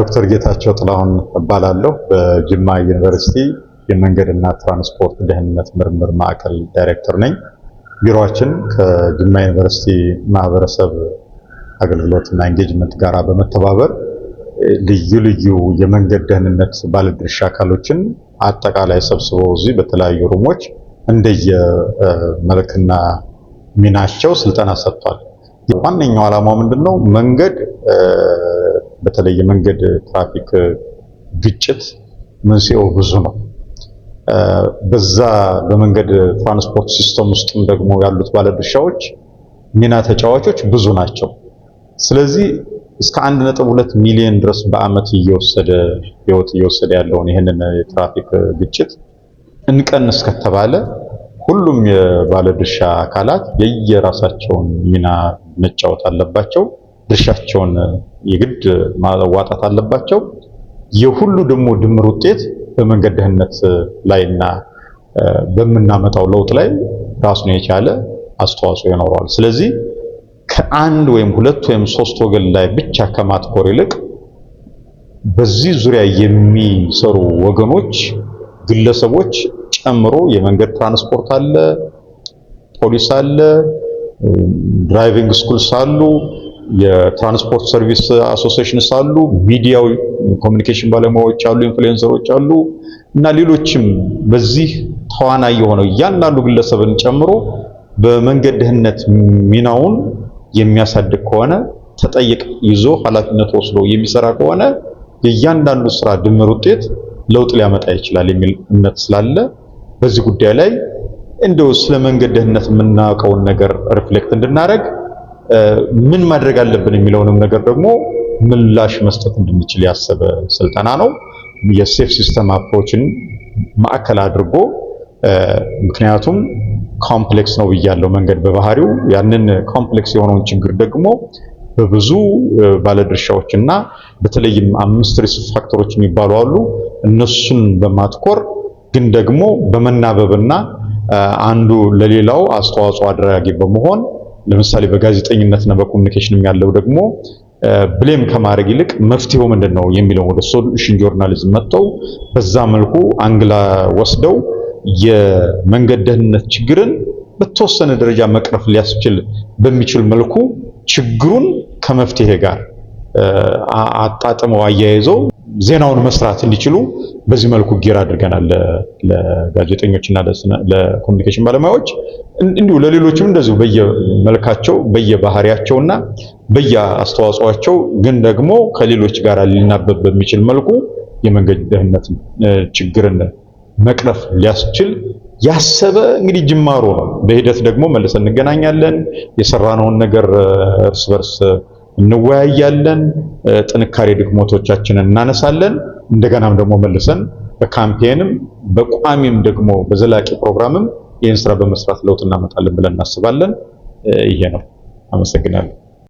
ዶክተር ጌታቸው ጥላሁን እባላለሁ። በጅማ ዩኒቨርሲቲ የመንገድና ትራንስፖርት ደህንነት ምርምር ማዕከል ዳይሬክተር ነኝ። ቢሮችን ከጅማ ዩኒቨርሲቲ ማህበረሰብ አገልግሎትና ኤንጌጅመንት ጋር በመተባበር ልዩ ልዩ የመንገድ ደህንነት ባለድርሻ አካሎችን አጠቃላይ ሰብስበው እዚህ በተለያዩ ሩሞች እንደየ መልክና ሚናቸው ስልጠና ሰጥቷል። ዋነኛው ዓላማው ምንድን ነው? መንገድ በተለይ የመንገድ ትራፊክ ግጭት መንስኤው ብዙ ነው። በዛ በመንገድ ትራንስፖርት ሲስተም ውስጥም ደግሞ ያሉት ባለድርሻዎች ሚና ተጫዋቾች ብዙ ናቸው። ስለዚህ እስከ 1.2 ሚሊዮን ድረስ በአመት እየወሰደ ህይወት እየወሰደ ያለውን ይህንን የትራፊክ ግጭት እንቀንስ ከተባለ ሁሉም የባለድርሻ አካላት የየራሳቸውን ሚና መጫወት አለባቸው ድርሻቸውን የግድ ማዋጣት አለባቸው። የሁሉ ደግሞ ድምር ውጤት በመንገድ ደህንነት ላይና በምናመጣው ለውጥ ላይ ራሱን የቻለ አስተዋጽኦ ይኖረዋል። ስለዚህ ከአንድ ወይም ሁለት ወይም ሶስት ወገን ላይ ብቻ ከማትኮር ይልቅ በዚህ ዙሪያ የሚሰሩ ወገኖች ግለሰቦች ጨምሮ የመንገድ ትራንስፖርት አለ፣ ፖሊስ አለ፣ ድራይቪንግ ስኩልስ አሉ። የትራንስፖርት ሰርቪስ አሶሴሽንስ አሉ፣ ሚዲያው ኮሚኒኬሽን ባለሙያዎች አሉ፣ ኢንፍሉዌንሰሮች አሉ እና ሌሎችም በዚህ ተዋናይ የሆነው እያንዳንዱ ግለሰብን ጨምሮ በመንገድ ደህንነት ሚናውን የሚያሳድግ ከሆነ ተጠይቅ ይዞ ኃላፊነት ወስዶ የሚሰራ ከሆነ የእያንዳንዱ ስራ ድምር ውጤት ለውጥ ሊያመጣ ይችላል የሚል እምነት ስላለ በዚህ ጉዳይ ላይ እንደው ስለ መንገድ ደህንነት የምናውቀውን ነገር ሪፍሌክት እንድናደርግ ምን ማድረግ አለብን የሚለውንም ነገር ደግሞ ምላሽ መስጠት እንድንችል ያሰበ ስልጠና ነው። የሴፍ ሲስተም አፕሮችን ማዕከል አድርጎ ምክንያቱም ኮምፕሌክስ ነው ብያለው መንገድ በባህሪው ያንን ኮምፕሌክስ የሆነውን ችግር ደግሞ በብዙ ባለድርሻዎች እና በተለይም አምስት ሪስክ ፋክተሮች የሚባሉ አሉ። እነሱን በማትኮር ግን ደግሞ በመናበብና አንዱ ለሌላው አስተዋጽኦ አድራጊ በመሆን ለምሳሌ በጋዜጠኝነትና በኮሚኒኬሽንም ያለው ደግሞ ብሌም ከማድረግ ይልቅ መፍትሄው ምንድን ነው የሚለው ወደ ሶሉሽን ጆርናሊዝም መጥተው በዛ መልኩ አንግላ ወስደው የመንገድ ደህንነት ችግርን በተወሰነ ደረጃ መቅረፍ ሊያስችል በሚችል መልኩ ችግሩን ከመፍትሄ ጋር አጣጥመው አያይዘው ዜናውን መስራት እንዲችሉ በዚህ መልኩ ጌር አድርገናል ለጋዜጠኞችና ለኮሚኒኬሽን ባለሙያዎች እንዲሁ ለሌሎችም እንደዚሁ በየመልካቸው በየባህሪያቸውና በየአስተዋጽኦቸው ግን ደግሞ ከሌሎች ጋር ሊናበብ በሚችል መልኩ የመንገድ ደህንነት ችግርን መቅረፍ ሊያስችል ያሰበ እንግዲህ ጅማሮ ነው። በሂደት ደግሞ መልሰን እንገናኛለን። የሰራነውን ነገር እርስ በርስ እንወያያለን። ጥንካሬ ድክሞቶቻችንን እናነሳለን። እንደገናም ደግሞ መልሰን በካምፔንም በቋሚም ደግሞ በዘላቂ ፕሮግራምም ይህን ስራ በመስራት ለውጥ እናመጣለን ብለን እናስባለን። ይሄ ነው። አመሰግናለሁ።